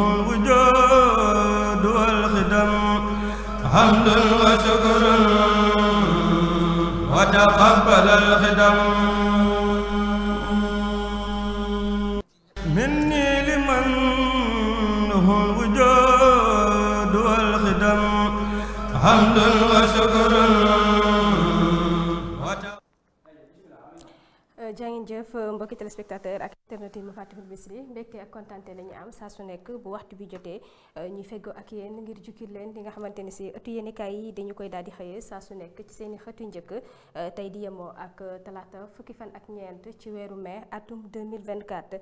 الوجود والخدم حمد وشكر وتقبل الخدم mbokki téléspectateur ak internet yi ma fàttali Bichri mbégte ak kontante la ñu am saa su nekk bu waxtu bi jotee euh, ñuy feggoo ak yéen ngir jukkil leen li nga xamante si dañu koy daal di euh, tey di yemoo ak euh, fukki fan ak ñeent ci weeru mai atum 2024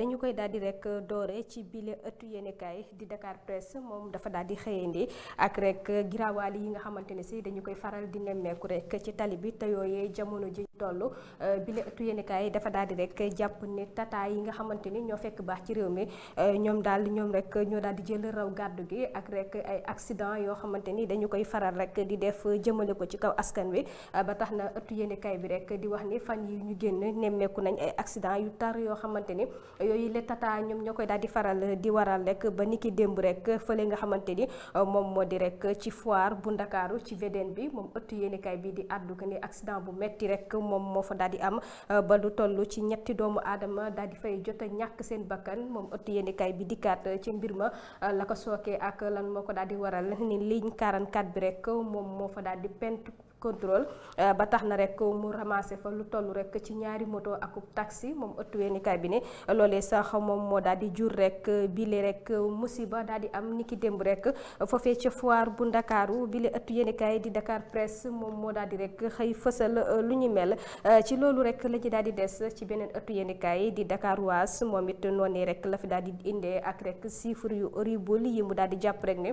dañu koy daal di rek doore ci bile ëttu yéenekaay di Dakar Presse moom dafa daal di xëyandi ak rek giraawaali yi nga xamante ne si dañu koy faral di nemmeeku rek ci tali bi te yooyee jamono ji toll euh, bi la ëttu yéenekaay dafa daal di rek jàpp ne tata yi nga xamante ni ñoo fekk baax ci réew mi euh, ñoom daal ñoom rek ñoo daal di jël raw gàddu gi ak rek ay accident yoo xamante ni dañu koy faral rek di def jëmale ko ci kaw askan wi euh, ba tax na ëttu yéenekaay bi rek di wax ni fan ñu génn nemmeeku nañ ay accident yu tar yoo xamante ni yooyu la ñoom ñoo koy daal di faral di waral rek ba niki démb rek fële nga xamante ni moom moo di rekk ci foire bu ndakaaru ci VDN bi moom ëttu yéenekaay bi di àddu ni accident bu metti rek moom moo fa daal di am euh, ba du toll ci ñetti doomu aadama daal di fay jot ñàkk seen bakkan moom ëtt yéenekaay bi dikkaat euh, ci mbir ma euh, la ko sookee ak lan moo ko daal di waral ni ligne 44 bi rek moom moo fa daal di pent contrôle euh, ba tax na rek mu ramassé fa lu toll rek ci ñaari moto ak taxi moom ëttu yéenekaay bi ne loolee sax moom moo daal di jur rek euh, bile rek euh, musiba daal di am niki démb rek foofee ca foire bu ndakaaru bile ëttu yéenekaay di Dakar Presse moo daal di rek xëy fësal lu ñu mel ci loolu rek la ñu daal di des ci beneen ëttu yéenekaay di waas moom it noonee rek la fi indee ak rek chiffres yu horrible yi mu daal di jàpp rek ne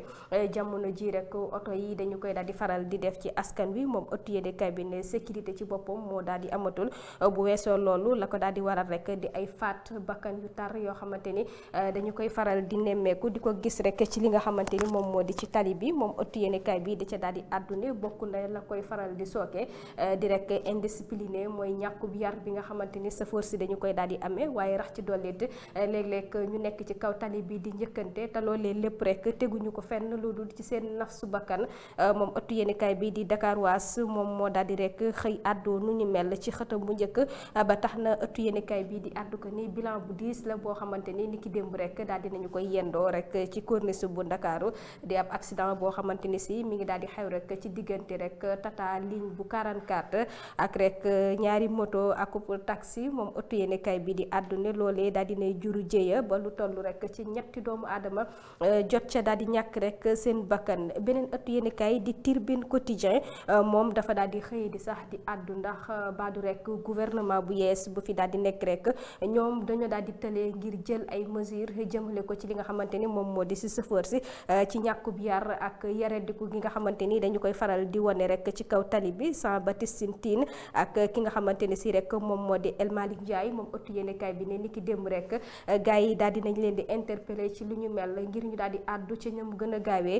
jamono ji rek oto yi dañu koy daal di faral di def ci askan wi moom moom ëttu yéene cabinet sécurité ci boppam moo daal amatul bu weesoo loolu la ko daal di waral rek di ay faat bakkan yu tar yoo xamante ni eh, dañu koy faral di nemmeeku di ko gis rek ci li nga xamante ni moom moo di ci tali bi moom ëttu yéene kay bi ca daal di àddune bokk na la koy faral di sooke eh, di rek indiscipliné mooy ñàkku yar bi nga xamante ni sa force dañu koy daal di amee waaye rax ci dollit eh, léeg-léeg ñu nekk ci kaw tali bi di njëkkante te loolee lépp rek teguñu ko fenn lu dul ci seen naf su bakkan moom ëttu yéene kay bi di Dakar Dias moom moo daal di rek xëy àddoo nu ñu mel ci xëtam bu njëkk ba tax na ëttu yéenekaay bii di àddu ko ni bilan bu diis la boo xamante ni ni ki démb rek daal di nañu koy yendoo rek ci corniche bu Ndakaaru di ab accident boo xamante ni si mi ngi daal di xew rek ci diggante rek tata ligne bu 44 ak rek ñaari moto ak taxi moom ëttu yéenekaay bi di àddu ne loolee daal di nay juru jéeya ba lu toll rek ci ñetti doomu aadama eh, jot ca daal di ñàkk rek seen bakkan beneen ëttu yéenekaay di Tribune Quotidien eh, moom dafa daal di xëy di sax di àddu ndax euh, du rek guvernement bu yees bu fi daal di nekk rekk ñoom dañoo daal di tëlee ngir jël ay mesures jëmale ko ci li nga xamante ni moom moo di si sëfër euh, si ci ñàkku bi yar ak yarediku gi nga xamante ni dañu koy faral di wane rek ci kaw tali bi Jean Baptiste Tine ak ki nga xamante ni si rek moom moo di El Malick Ndiaye moom ëttu yéenekaay bi ne ni ki démb rek euh, gars yi dal di nañ leen di interpellé ci lu ñu mel ngir ñu daal di àddu ci ñoom gën a gaawee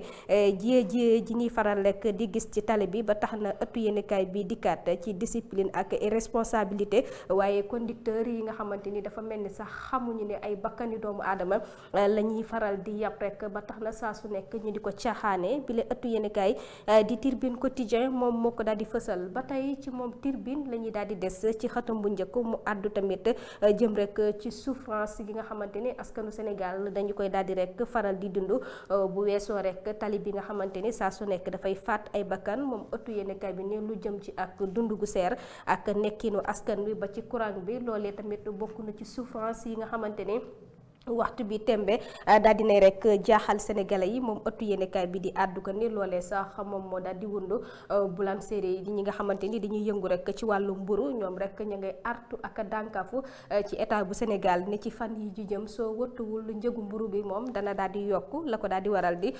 jiyee jiyee ji ñuy faral rek di gis ci tali bi na ëpp yéenekaay bi dikkaat ci discipline ak responsabilité waaye conducteur yi nga xamante ni dafa mel ni sax xamuñu ne ay bakkani doomu aadama euh, la ñuy faral di yàpp rek ba tax na saa su nekk ñu di ko caaxaane bi la ëttu yéenekaay euh, di Tribune Quotidien moom moo ko daal di fësal ba tey ci moom Tribune la ñuy daal di des ci xatam bu njëkk mu àddu tamit euh, jëm rek ci souffrance gi nga xamante ni askanu Sénégal dañu koy daal di rek faral di dund bu weesoo rek tali bi nga xamante ni saa su nekk dafay faat ay bakkan moom ëttu yéen yëglekaay bi ne lu jëm ci ak dund gu seer ak nekkinu askan wi ba ci courant bi loolee tamit bokk na ci souffrance yi nga xamante ne waxtu bi tembe ah, daal dinay rek jaaxal sénégalais yi moom ëttu yéenekaay bi di àddu ko ni loolee sax moom moo daal di wundu ah, boulangerie yi ñi nga xamante ni dañuy yëngu rek ci wàllu mburu ñoom rek ñu ngay artu ak dànkafu ah, ci état bu Sénégal ne ci fan yi ju jëm soo wëttuwul njëgu mburu bi moom dana daal di yokk la ko daal di waral di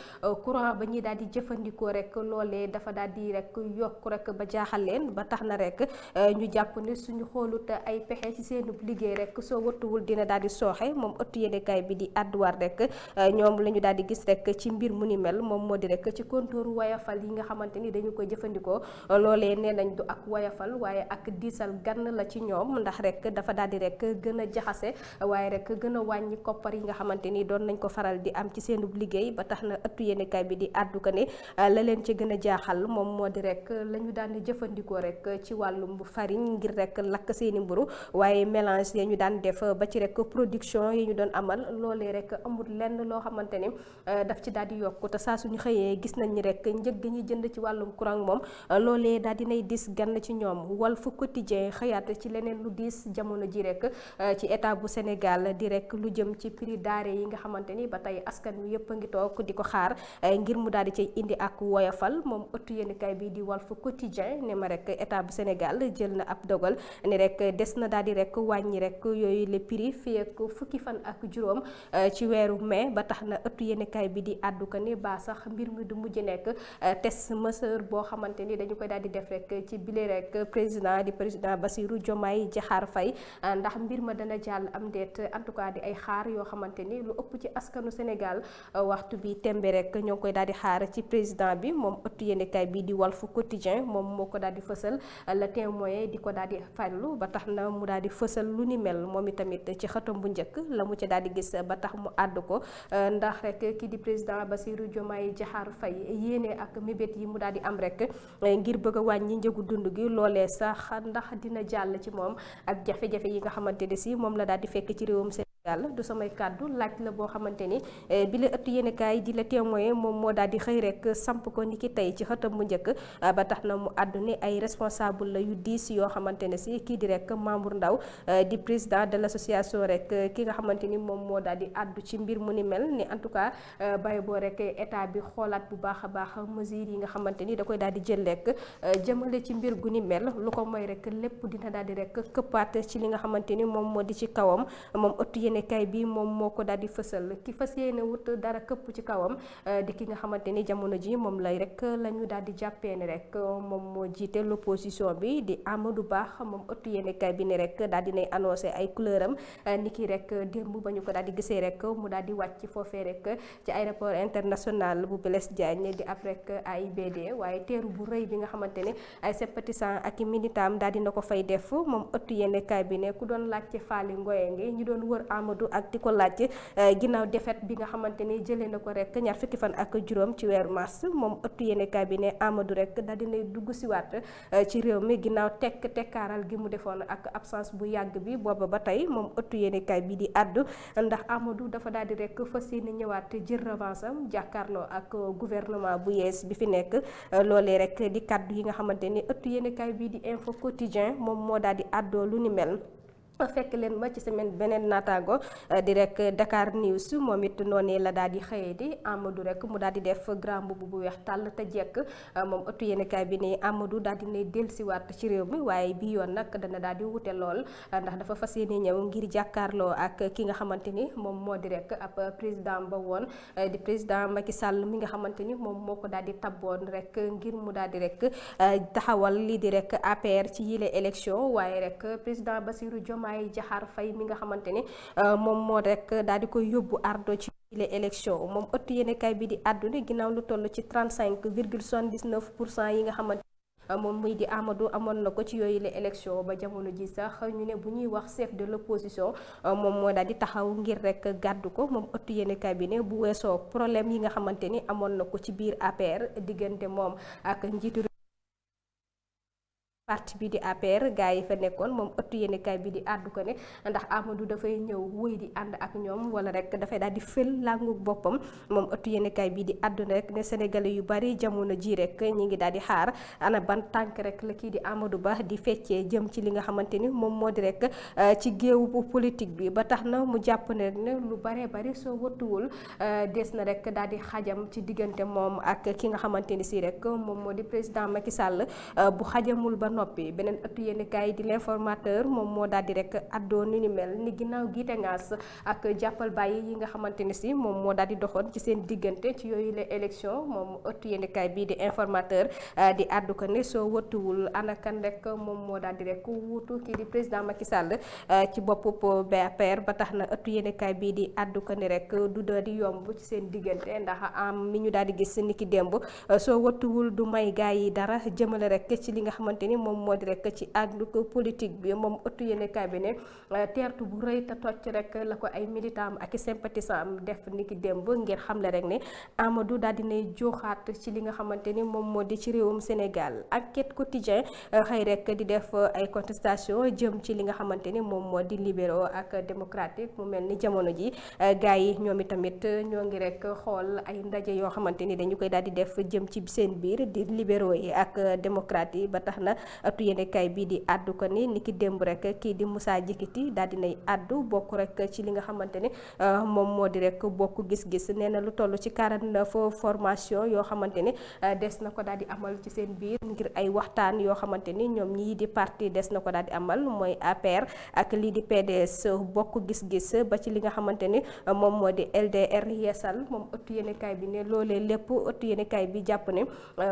courant ba ñuy daal di jëfandikoo rek loolee dafa daal di rek yokk rek ba jaaxal leen ba tax na rek ñu jàpp ni suñu xoolut ay pexe ci seen liggéey rek soo wëttuwul dina daal di sooxe moom ëttu yéenekaay bi euh, la ñu daal di gis rek ci mbir mu ni mel moom moo di rek ci kontooru wayafal yi nga xamante ni dañu koy jëfandikoo euh, loolee nee nañ du ak wayafal waaye ak diisal gann la ci ñoom ndax rek dafa daal di rek gën a jaxase waaye rek gën a wàññi koppar yi nga xamante ni doon nañ ko faral di am ci seen liggéey ba tax na ëttu yéenekaay bi di addu ko ne euh, la leen ci gën a jaaxal moom moo di rekk lañu ñu daan jëfandikoo rek ci wàllum farine ngir rekk lakk seeni mburu waaye mélange yi daan def ba ci rek production yi doon am amal loolee rek amul lenn loo xamante ni eh, daf ci daal di yokku te saa suñu xëyee gis nañ ni rek njëg gi ñuy jënd ci wàllum courant moom eh, loolee daal nay dis gann ci ñoom Walf Quotidien xëyaat ci leneen lu diis jamono ji rek eh, ci état bu senegal di rek lu jëm ci prix daare yi nga xamante ni ba tey askan wi yëpp a ngi toog di ko xaar ngir mu daal di cay indi ak woyofal moom ëttu yéenekaay bi di wal Walf Quotidien ne ma rek état bu Sénégal jël na ab dogal ni rek juróom eh, ci weeru mai ba tax na ëttu yéenekaay bi di àddu ko ni ba sax mbir mi du mujj nekk eh, test mesure boo xamante ni dañu koy daal di def rekk ci bile rek président di président Bassirou Diomaye Diakhar Faye eh, ndax mbir ma dana jàll am déet en tout cas di ay xaar yoo xamante ni lu ëpp ci askanu Sénégal waxtu bi tembe rek ñoo ngi koy daal di xaar ci président bi moom ëttu yéenekaay bi di wal fu Quotidien moom moo ko daal di fësal Le Témoin di ko daal di ba tax na mu daal fësal lu ni mel moom itamit ci xëtam bu njëkk la mu ci daal di gis ba tax mu àdd ko euh, ndax rek kii di président ba Bassirou Diomaye Diakhar Faye yéene ak mébét yi mu daal di am rek euh, ngir bëgg wàññi njëgu dund gi loolee sax ndax dina jàll ci moom ak jafe-jafe yi nga xamante ne si moom la daal di fekk ci réewum yàlla du samay kàddu laaj la boo xamante ni eh, bi la ëtt yéenekaay di la témoin moom moo daal di xëy rek samp ko ni ki tey ci xëtam mu njëkk ah, ba tax na mu àddu ne ay responsable la yu diis yoo xamante ne si kii di rek Mamour Ndao eh, di président de l' association rek eh, ki nga xamante ni moom moo daal di àddu ci mbir mu ni ni en tout cas bay boo rek état bi xoolaat bu baax a baax mesures yi nga xamante ni da koy daal di jël rek jëmale ci mbir gu ni mel lu ko moy rek lépp dina daal di rek këppaat ci li nga xamante ni moom moo di ci kawam moom ëtt yéene kay bi moom moo ko daal di fësal ki fas yéene wut dara këpp ci kawam euh, di ki nga xamante ni jamono ji moom lay rek la ñu daal di jàppee ni rek moom moo jiite l' bi di Amadou Ba moom ëttu yéene bi ni rek daal di nay annoncé ay couleur am euh, ni ki rek démb ba ñu ko daal di gisee rek mu daal di wàcc foofee rek ci aéroport international bu Blaise Diagne di ab rek AIBD waaye teeru bu rëy bi nga xamante ne ay sympathisants ak i militam daal na ko fay def moom ëttu yéene kay bi ne ku doon laajte faali ngoye ngi ñu doon wër Amadou ak di ko laaj eh, ginnaaw défaite bi nga xamante ni jëlee na ko rek ñaar fukki fan ak juróom ci weeru mars moom ëttu yéenekaay bi ne Amadou rek daal dinay dugg siwaat eh, ci réew mi ginnaaw tekk tekkaaral gi mu defoon ak absence bu yàgg bi booba ba tey moom ëttu yéenekaay bi di àddu ndax amadu dafa daal di rekk fa yéene ñëwaat jël revanche am jàkkaarloo ak gouvernement bu yees bi fi nekk eh, loole rek di kàddu yi nga xamante ni ëttu yéenekaay bi di info quotidien moom moo daal di àddoo lu ni mel fekk leen ma ci semaine beneen naataango eh, di rek Dakar News moom it noonee la daal di xëyee di Amadou rek mu daal di def grand mbubb bu weex tàll te jekk eh, moom ëttu yéenekaay bi ne Amadou daal di si dellusiwaat ci réew mi waaye bi yoon nag dana daal di wute lool eh, ndax dafa fas yéene ñëw ngir jàkkaarloo ak ki nga xamante ni moom moo di rek président ba woon di président Macky Sall mi nga xamante ni moom moo ko daal di tabboon rek ngir mu daal di rek taxawal lii di rek APR ci yile élection waaye rek président Bassirou Diomaye Diomaye Diakhar fay mi nga xamante ne euh, moom moo rek daal di koy yóbbu ardo ci les élections moom ëttu yéenekaay bi di àdduna ginnaaw lu toll ci 35 virgule 79 pour cent yi nga xamante moom muy di Amadou amoon na ko ci yooyu la ba jamono ji sax ñu ne bu ñuy wax chef de l'opposition euh, moom moo daal di taxaw ngir rek gàddu ko moom ëttu yenn ne bu weesoo problème yi nga xamante ni amoon na ko ci biir APR diggante moom ak njiitu parti bi di APR gars yi fa nekkoon moom ëttu yéenekaay bi di àddu ko ne ndax Amadou dafay ñëw wëy di ànd ak ñoom wala rek dafay daal di fël làngu boppam moom ëttu yéenekaay bii di àddu rek ne sénégalais yu bari jamono ji rek ñi ngi daal di xaar ana ban tànk rek la kii di Amadou Ba di feccee jëm ci li nga xamante ni moom moo di rek eh, ci géewu politique bi ba tax na mu jàpp ne rek lu baree bari soo wëttuwul eh, des na rek daal di xajam ci diggante moom ak ki nga xamante ni si rek moom moo di président Macky Sall eh, bu xajamul ba noppi beneen ëttu yéenekaay di l'informateur moom moo daal di rek addoo ni ni mel ni ginnaaw giite ngaas ak jàppal bàyyi yi nga xamante si moom moo daal di doxoon ci seen diggante ci yooyu la élection moom ëttu yéenekaay bii di informateur ah, di addu ko ne soo wëttuwul anakan rek moom moo daal di rek wuutu kii président Macky Sall ah, ci boppub BAPR ba tax na ëttu yéenekaay bii di addu ko ne rek du da di yomb ci seen diggante ndax am mi ñu daal gis ni ki démb ah, soo wëttuwul du may gaay yi dara jëmale rek ci li nga xamante moom moo di rek ci àllug politique bi moom ëttu yéenekaay bi ne euh, teertu bu rëy te tocc rek la ko ay militant ak i sympathisant am def niki démb ngir xamle rek ne Amadou daal dinay joxaat ci li nga xamante ni moom moo di ci réewum Sénégal enquête quotidien euh, xëy rek di def euh, ay contestation jëm ci li nga xamante ni moom moo di libéraux ak démocratique mu mel ni jamono ji gars yi ñoom itamit ñoo ngi rek xool ay ndaje yoo xamante ni dañu koy daal di def jëm ci seen biir di libéraux yi ak démocrates yi ba tax na ëttu yéenekaay bii di addu ko ni ni ki démb rek kii di Moussa Diakité daal dinay addu bokk rek ci li nga xamante ne euh, moom moo di rek bokk gis-gis nee na lu toll ci 49 formation yoo xamante ne euh, des na ko daal di amal ci seen biir ngir ay waxtaan yoo xamante ni ñoom ñii di parti des na ko daal di amal mooy APR ak lii di bokk gis-gis ba ci li nga xamante ni euh, moom moo di LDR yeesal moom ëttu yéenekaay bi ne loolee lépp ëttu yéenekaay bi jàpp ne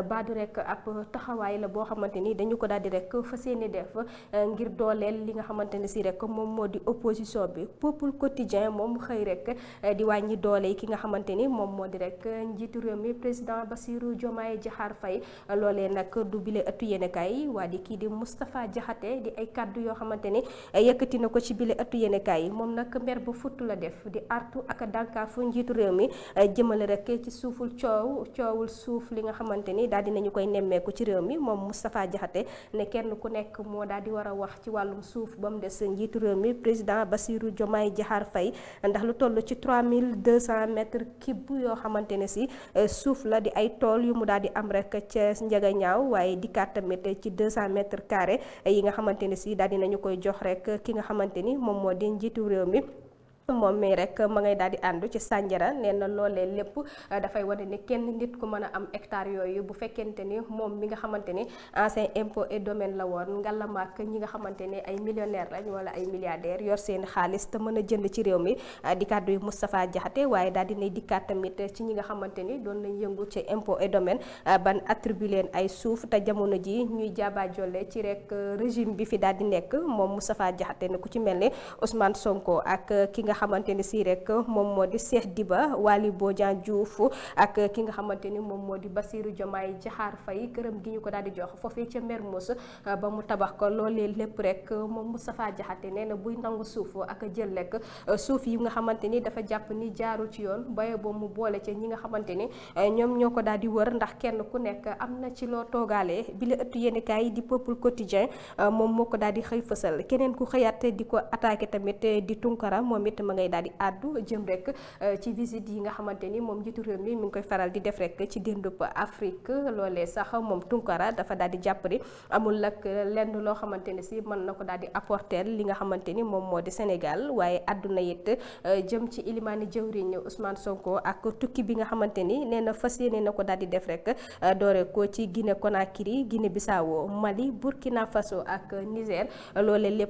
baadu rek ab taxawaay la boo xamante dañu ko daal di rek fa yéene def euh, ngir dooleel li nga xamante ne si rek moom moo di opposition bi peuple quotidien moom xëy rek euh, di wàññi doole yi ki nga xamante ni moom moo di rek euh, njiitu réew mi président Bassirou Diomaye Diakhar Faye loolee nag du bile ëttu yéenekaay waa di kii di Moustapha Diakhaté di ay kàddu yoo xamante ni yëkkati na ko ci bile ëttu yéenekaay moom nag mer bu futt la def di artu ak dànkaafu njiitu réew mi jëmale rek ci suuful coow coowul suuf li nga xamante ni daal dinañu koy nemmeeku ci réew mi moom Moustapha Diakhaté ne kenn ku nekk moo daal di war a wax ci wàllum suuf ba mu des njiitu réew mi président Bassirou Diomaye Diakhar fay ndax lu toll ci mille 3200 mètres cube yoo xamante ne si euh, suuf la di ay tool yu mu daal di am rek ca njaga ñaaw waaye dikkaat tamit ci 200 mètres carrés yi nga xamante ne si daal dinañu koy jox rek ki nga xamante ni moom moo di njiitu réew mi moom mii rek ma ngay daal di àndu ci Sandiara nee na lépp euh, dafay wane ni kenn nit ku mën a am hectare yooyu bu fekkente ni moom mi nga xamante ni ancien impôt et domaine la woon ngàllamaak nga xamante ni ay millionnaire lañ wala ay milliardaires yor seen xaalis te mën a jënd ci réew mi euh, di kàddu yi Moustapha Diakhaté waaye daal dinay dikkaat tamit ci ñi nga xamante ni doon nañ yëngu ci impôt et domaine euh, ban attribué leen ay suuf te jamono ji ñuy jaabaajolle ci rek régime bi fi daal di nekk moom Moustapha Diakhaté ne ku ci mel ni Ousmane Sonko ak ki nga xamante ni si rek moom moo di Cheikh Diba Waly Bodian Diouf ak ki nga xamante ni moom moo di Bassirou Diomaye Diakhar fay këram gi ñu ko daal di jox foofee ca Mermoz uh, ba mu tabax ko loolee lépp rek moom Moustapha Diakhaté nee na buy nangu suuf ak jël lekk uh, suuf yi nga xamante ni dafa jàpp ni jaarul ci yoon baye boo mu boole ca ñi nga xamante ni uh, ñoom ñoo ko daal di wër ndax kenn ku nekk am na ci loo toogaale bi la ëttu yéenekaay yi di peuple quotidien moom moo ko daal di xëy fësal keneen ku xëyaat di ko attaqué tamit di Tunkara moom it tamit ma ngay daal di àddu jëm rek euh, ci visite yi nga xamante moom njiitu réew mi mi ngi koy faral di def rek ci déndub Afrique loolee sax moom Tunkara dafa daal di jàpp ni amul nag si mën na ko daal di li nga xamante moom moo di Sénégal waaye àdduna it euh, jëm ci ilimaani jëwriñ Ousmane Sonko ak tukki bi nga xamante ni nee na fas yéene na ko daal di def rek euh, doore ko ci Guinée Conakry Guinée Bissau Mali Burkina Faso ak Niger loolee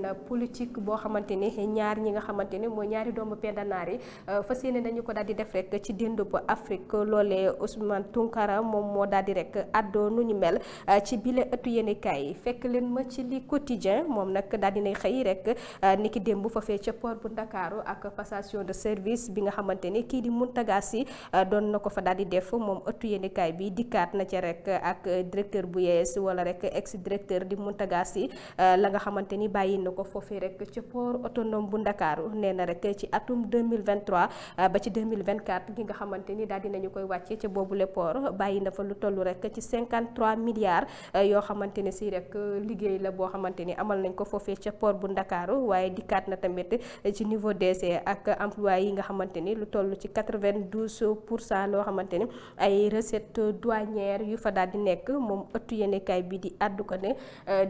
na politique boo xamante ni ne ñaar ñi nga xamante ne mooy ñaari doomu pendanaar yi euh, fas yéene nañu ko daal di def rek ci dénd bu Afrique loolee Ousmane Tounkara moom moo daal di rek àddoo nu ñu mel euh, ci bile ëttu yéenekaay yi fekk leen ma ci li quotidien moom nag daal di nay xëy rek euh, niki démb foofee ca port bu Ndakaaru ak passation de service bi nga xamante ne kii di Mountaga Sy doon na ko fa daal di def moom ëttu yéenekaay bi dikkaat na ca rek ak directeur bu yees wala rek ex directeur di Mountaga Sy la nga xamante ni bàyyi na ko foofee rek ca port autonome bu Ndakaaru nee na rek ci atum 2023 euh, ba ci 2024 gi nga xamante ni daal dinañu koy wàcce ca boobule port bàyyi na fa lu toll rek ci 53 milliards euh, yoo xamante ne si rek euh, liggéey la boo xamante ni amal nañ ko foofee ca port bu Ndakaaru waaye dikkaat na tamit ci niveau DC ak emploi yi nga xamante ni lu toll ci 92 pour cent loo xamante ni ay recette douanière yu fa daal di nekk moom ëttu yenekaay bi di àddu ko ne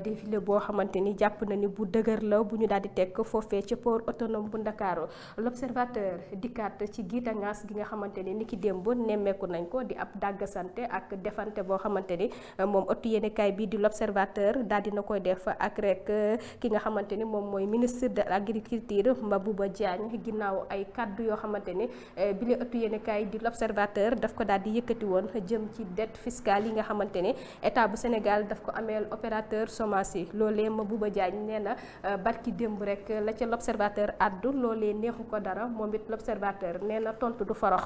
défilé boo xamante ni jàpp na ni bu dëgër la bu ñu daal di foofee ci port autonome bu Ndakaaru l'observateur dikkaat ci giita ngaas gi nga xamante ni ni ki démb nemmeeku nañ ko di ab dàggasante ak defante boo xamante ni euh, moom ëttu yéenekaay bi di l'observateur daal dina koy def ak euh, ki nga xamante ni moom mooy ministre de l'agriculture Mabouba Diagne ginnaaw ay kaddu yoo xamante ni euh, bi la ëttu yéenekaay di l'observateur daf ko daal di yëkkati woon jëm ci dette fiscale yi nga xamante ni état bu Sénégal daf ko ameel opérateur semence yi loolee Mabouba Diagne nee na barki démb rek ci l' observateur addu loolee neexu ko dara moom it l' observateur nee na tontu du forox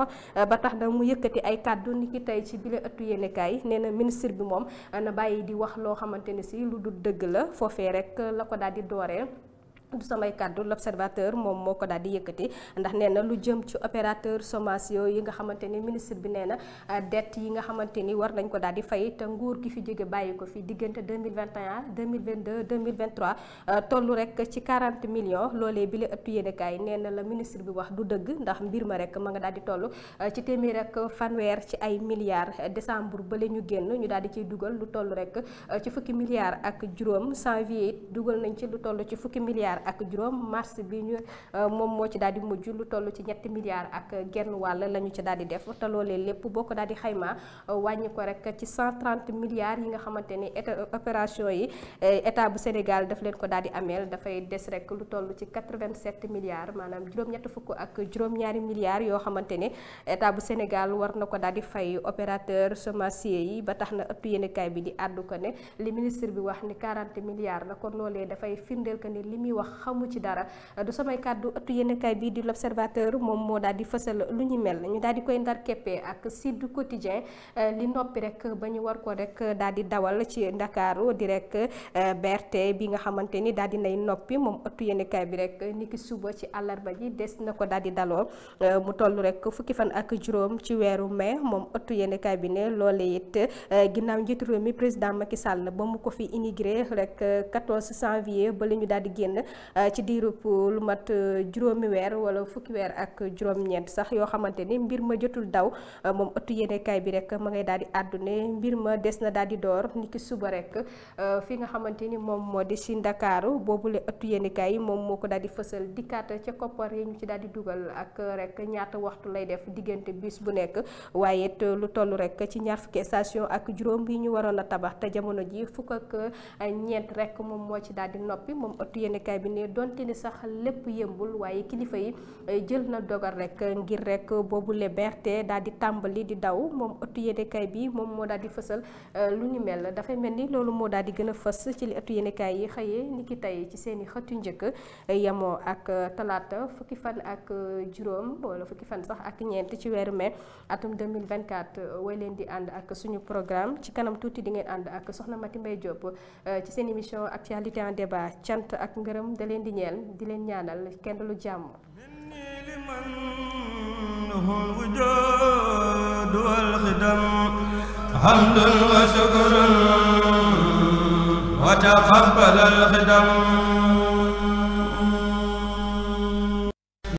ba tax na mu yëkkati ay kàddu ni ki tey ci bile ëttu yéenekaay nee na ministre bi moom na bàyyi di wax loo xamante ni si lu dul dëgg la foofee rek la ko daal di dooree du samay kàddu l'observateur moom moo ko daal yëkkati ndax nee lu jëm ci opérateur sommation yi nga xamante ni ministre bi nee na euh, dette yi nga xamante ni war nañ ko daal di fay te nguur gi fi jóge bàyyi ko fi diggante 2021 2022 2023 toll rek ci 40 millions loolee bi la ëttu yéenekaay nee la ministre bi wax du dëgg ndax mbir ma rek ma nga daal di toll euh, ci téeméer rek fanweer ci ay milliards décembre bële ñu génn ñu daal di ciy dugal lu toll rek euh, ci fukki milliards ak ak juróom mars bi ñu euh, moom moo ci daal di mujj lu toll ci ñetti milliards ak genn wàll la ñu ci daal di def te loolee lépp boo ko daal di xayma euh, wàññi ko rek ci 130 milliards yi nga xamante ni euh, opération yi état bu Sénégal daf leen ko daal di ameel dafay des rek lu toll ci 87 milliards maanaam juróom-ñett fukk ak juróom-ñaari yoo xamante ni état bu Sénégal war na ko daal di fay opérateur semencier yi ba tax na ëpp yéenekaay bi di àddu ko ne li ministre bi wax ni 40 milliards la kon loolee dafay firndeel ko ni li muy wax xamu ci dara du samay kàddu ëttu yéenekaay bii di l'observateur moom moo daal di fësal lu ñu mel ñu daal di koy ndar keppee ak Sud Quotidien eh, li noppi rek ba ñu war ko rek daal di dawal ci Ndakaaru di rek eh, berte bi nga xamante ni daal di nay noppi moom ëttu yéenekaay bi rek ni ki suba ci àllarba ji des na ko daal di daloo eh, mu toll rek fukki fan ak juróom ci weeru mai moom ëttu yéenekaay bi ne loole it ginnaaw njiitu réew mi président Macky Sall ba mu ko fi inauguré rek 14 janvier ba la ñu daal di génn Euh, ci diirub lu mat euh, juróomi weer wala fukki weer ak juróom-ñeent sax yoo xamante ni mbir ma jotul daw euh, moom ëttu yéenekaay bi rek ma ngay daal di àddune mbir ma des na daal di door ni suba rek fi nga xamante ni moom moo di si Ndakaaru boobule ëttu yéenekaay yi moom moo ko daal di fësal dikkaat ca koppar yi ñu ci daal di dugal ak rek ñaata waxtu lay def diggante bus bu nekk waaye lu toll rek ci ñaar fukki ak juróom ñu waroon a tabax te jamono ji fukk ak ñeent rek moom moo ci daal di noppi moom ëttu yéenekaay bi ne donte ni sax lépp yëmbul waaye kilifa yi eh, jël na dogal rek ngir rek boobu liberté daal di tàmbali di daw moom ëttu yéenekaay bi moom moo daal di fësal eh, lu ni mel dafay mel ni loolu moo daal di gën a fës ci li ëttu yéenekaay yi xëyee niki tey ci seen i xët njëkk eh, yemoo ak talaata fukki fan ak juróom wala fukki fan sax ak ñeent ci weeru mai atum 2024 way leen di ànd ak suñu programme ci kanam tuuti di ngeen ànd ak soxna Mati Mbaye Diop ci seen mission actualité en débat ak ngërëm moom da leen di ñeel di leen ñaanal kenn lu jàmm.